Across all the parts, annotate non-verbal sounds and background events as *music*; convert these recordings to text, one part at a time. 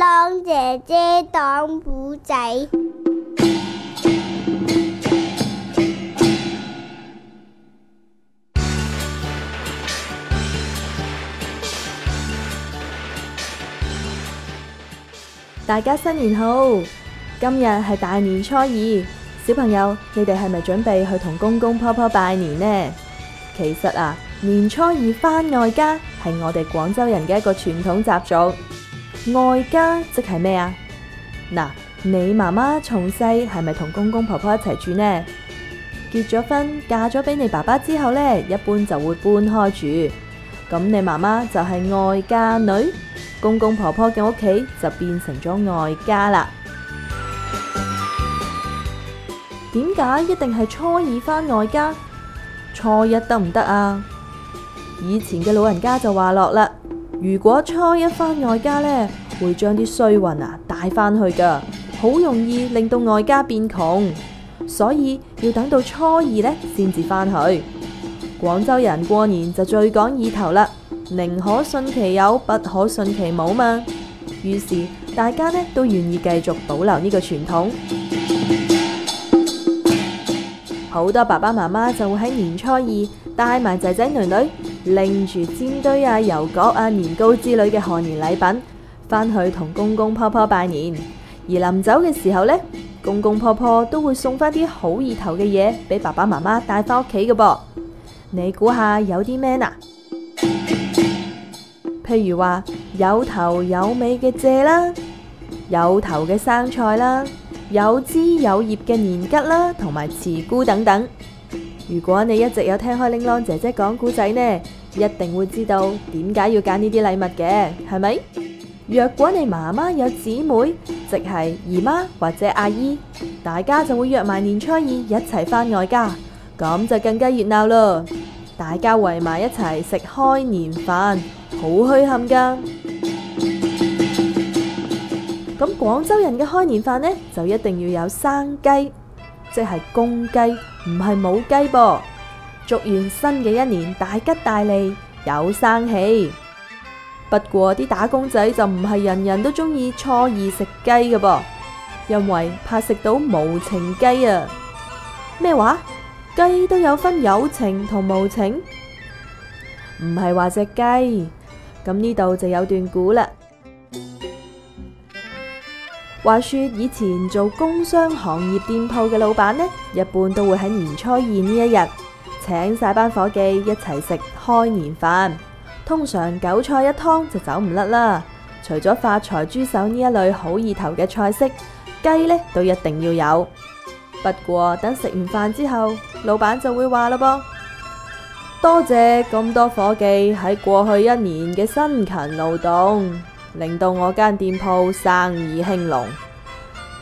當姐姐當古仔，大家新年好！今日係大年初二，小朋友，你哋係咪準備去同公公婆婆拜年呢？其實啊，年初二返外家係我哋廣州人嘅一個傳統習俗。外家即係咩啊？嗱，你媽媽從細係咪同公公婆婆一齊住呢？結咗婚嫁咗俾你爸爸之後呢，一般就會搬開住。咁你媽媽就係外嫁女，公公婆婆嘅屋企就變成咗外家啦。點解一定係初二返外家？初一得唔得啊？以前嘅老人家就話落啦。如果初一返外家呢，會將啲衰運啊帶返去噶，好容易令到外家變窮，所以要等到初二呢先至返去。廣州人過年就最講意頭啦，寧可信其有不可信其冇嘛，於是大家呢都願意繼續保留呢個傳統， *music* 好多爸爸媽媽就會喺年初二帶埋仔仔女女。拎住煎堆啊、油角啊、年糕之類嘅賀年禮品，返去同公公婆婆拜年。而臨走嘅時候呢，公公婆婆都會送翻啲好意頭嘅嘢俾爸爸媽媽帶返屋企嘅噃。你估下有啲咩啊？譬如話有頭有尾嘅蔗啦，有頭嘅生菜啦，有枝有葉嘅年桔啦，同埋慈菇等等。如果你一直有聽開玲瓏姐姐講古仔呢，一定會知道點解要揀呢啲禮物嘅，係咪？若果你媽媽有姊妹，即係姨媽或者阿姨，大家就會約埋年初二一齊返外家，咁就更加熱鬧咯。大家圍埋一齊食開年飯，好墟冚噶。咁廣州人嘅開年飯呢，就一定要有生雞。即係公雞，唔係母雞噃。祝願新嘅一年大吉大利，有生氣。不過啲打工仔就唔係人人都中意初二食雞嘅噃，因為怕食到無情雞啊！咩話？雞都有分有情同無情，唔係話隻雞。咁呢度就有段古啦。話說以前做工商行業店鋪嘅老闆呢，一般都會喺年初二呢一日，請晒班伙計一齊食開年飯，通常九菜一湯就走唔甩啦。除咗發財豬手呢一類好意頭嘅菜式，雞呢都一定要有。不過等食完飯之後，老闆就會話啦噃，多謝咁多伙計喺過去一年嘅辛勤勞動。令到我間店鋪生意興隆，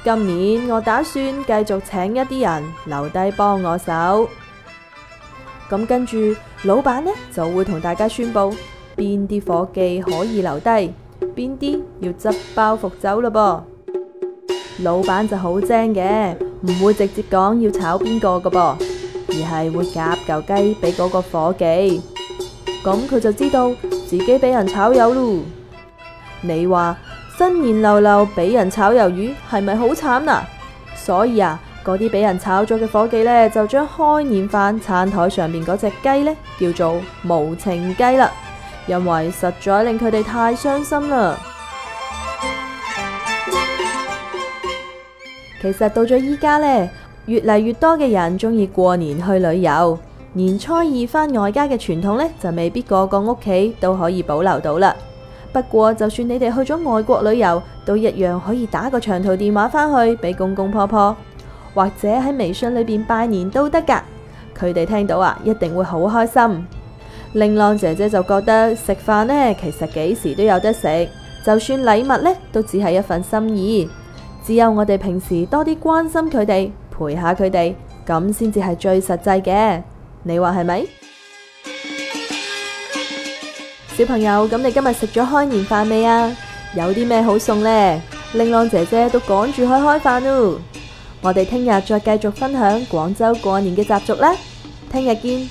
今年我打算繼續請一啲人留低幫我手，咁跟住老闆呢就會同大家宣布邊啲伙計可以留低，邊啲要執包袱走嘞噃。老闆就好精嘅，唔會直接講要炒邊個㗎噃，而係會夾嚿雞俾嗰個伙計，咁佢就知道自己俾人炒魷嚕。你話新年流流俾人炒魷魚係咪好慘啊？所以啊，嗰啲俾人炒咗嘅伙計呢，就將開年飯餐台上面嗰隻雞呢，叫做無情雞啦，因為實在令佢哋太傷心啦。 *music* 其實到咗依家呢，越嚟越多嘅人中意過年去旅遊，年初二返外家嘅傳統呢，就未必個個屋企都可以保留到啦。不過就算你哋去咗外國旅遊，都一樣可以打個長途電話返去俾公公婆婆，或者喺微信裏邊拜年都得㗎。佢哋聽到啊，一定會好開心。令浪姐姐就覺得食飯呢，其實幾時都有得食，就算禮物呢，都只係一份心意。只有我哋平時多啲關心佢哋，陪下佢哋，咁先至係最實際嘅。你話係咪？小朋友，咁你今日食咗開年飯未啊？有啲咩好餸呢？令郎姐姐都趕住去開飯咯，我哋聽日再繼續分享廣州過年嘅習俗啦，聽日見。